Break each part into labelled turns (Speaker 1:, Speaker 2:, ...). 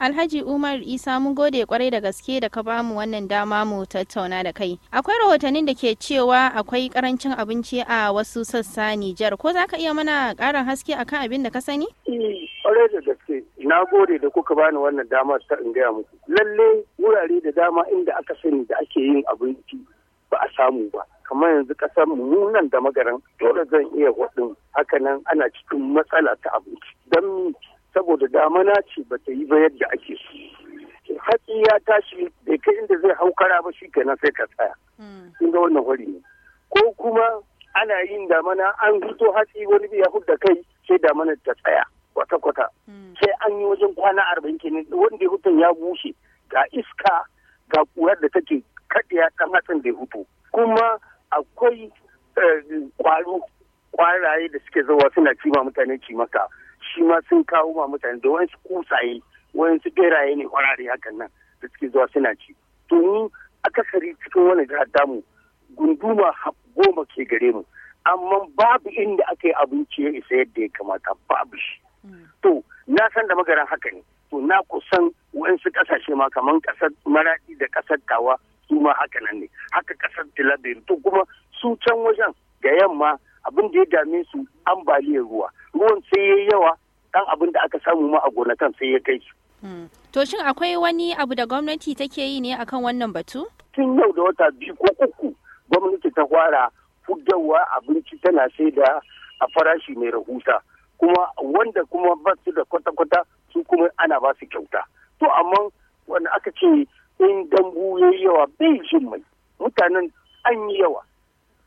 Speaker 1: Alhaji Umar Isa mun gode kwarai da gaske da ka bamu wannan dama mu tattauna da kai. Akwai rahotannin da ke cewa akwai karancin abinci a wasu sassa Nijar. Ko za ka iya mana karin haske akan abin da ka sani? Eh,
Speaker 2: kwarai da gaske. Na gode da kuka bani wannan dama ta in gaya muku. Lalle wurare da dama inda aka sani da ake yin abinci ba a samu ba. kamar yanzu kasar mu nan da magaran dole zan iya hudun hakanan ana cikin matsala ta abinci don saboda damana ce ba ta yi ba yadda ake so hatsi ya tashi bai kai inda zai hau kara ba shi kenan sai ka tsaya hmm. kin ga wannan hori ne ko kuma ana yin damana an fito hatsi wani ya da kai sai damana ta tsaya kwata-kwata hmm. sai an yi wajen kwana arba'in kenan wanda ya hutun ya bushe ga iska ga kuwar da take kaɗiya ɗan hatsin da ya hutu kuma akwai kwaro eh, kwaraye da suke zuwa suna cima mutane cimaka shi ma sun kawo ma mutane da wani kusaye su beraye ne kwarare hakan nan da suke zuwa suna ci to mu akasari cikin wani jihar damu gunduma goma ke gare mu amma babu inda aka yi abinci ya isa yadda ya kamata babu shi hmm. to na san da magaran haka ne to na kusan wasu kasashe ma kamar kasar maradi da kasar tawa su ma haka nan ne haka kasar tilabir to kuma su can wajen da yamma abin da ya dame su ambaliyar ruwa ruwan sai yayi yawa dan abin da aka samu ma a gonakan sai ya kai su.
Speaker 1: Hmm. To shin akwai wani abu da gwamnati take yi ne akan wannan batu? Tun yau da wata biyu
Speaker 2: ko uku gwamnati ta fara fuddawa abinci tana sai da a farashi mai rahusa kuma wanda kuma ba su da kwata-kwata su kuma ana ba su kyauta. To amma wanda aka ce in dambu ya yawa bai jin mai mutanen an yawa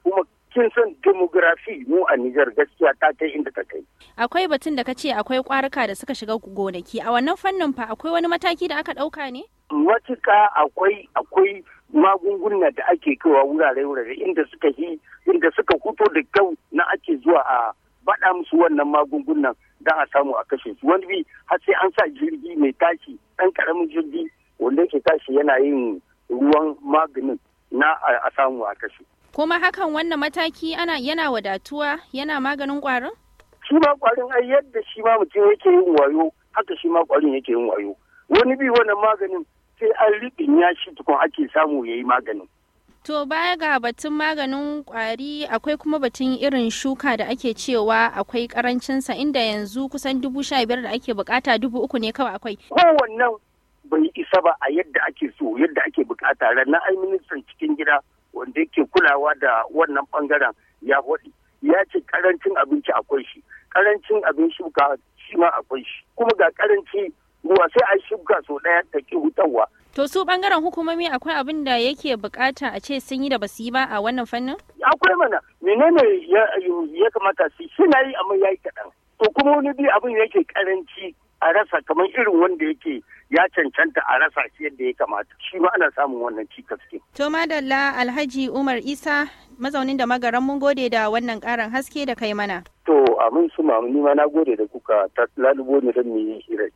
Speaker 2: kuma kin son demografi mu a Nijar gaskiya ta kai inda ta kai.
Speaker 1: Akwai batun da ka ce akwai kwaruka da suka shiga gonaki a wannan fannin fa akwai wani mataki da aka ɗauka ne?
Speaker 2: Matuka akwai akwai magunguna da ake kaiwa wurare-wurare inda suka yi inda suka fito da kyau na ake zuwa a baɗa musu wannan magungunan don a samu a kashe su wani bi har sai an sa jirgi mai tashi ɗan ƙaramin jirgi wanda ke tashi yana yin ruwan maganin na a samu a kashe.
Speaker 1: kuma hakan wannan mataki ana yana wadatuwa yana maganin kwarin
Speaker 2: shi ma kwarin ai yadda shi ma mutum yake yin wayo haka shi ma kwarin yake yin wayo wani bi wannan maganin sai an riɓin ya shi tukun ake samu ya yi maganin
Speaker 1: To baya ga batun maganin kwari akwai kuma batun irin shuka da ake cewa akwai karancinsa inda yanzu kusan dubu sha biyar da ake bukata dubu uku ne kawai akwai. Kowannan
Speaker 2: bai isa ba a yadda ake so yadda ake bukata ranar ai ministan cikin gida kulawa da wannan bangaren ya faɗi ya ce karancin abinci akwai shi karancin abin shuka shi ma akwai shi kuma ga karanci ruwa sai a shuka sau ɗaya ta ki hutawa.
Speaker 1: To su bangaren hukumomi akwai abin da yake bukata a ce sun yi da basu yi ba a wannan fannin? Akwai mana menene
Speaker 2: ya kamata su shi na yi amma ya yi kaɗan. To kuma wani bi abin yake karanci
Speaker 1: a rasa kamar irin wanda yake
Speaker 2: ya cancanta a rasa shi yadda ya kamata shi ma ana samun wannan cikas ke.
Speaker 1: To madalla Alhaji Umar Isa mazaunin da magaran mun gode da wannan karan haske da kai mana.
Speaker 2: To amin su ma ni ma na gode da kuka ta lalubo ne don mu yi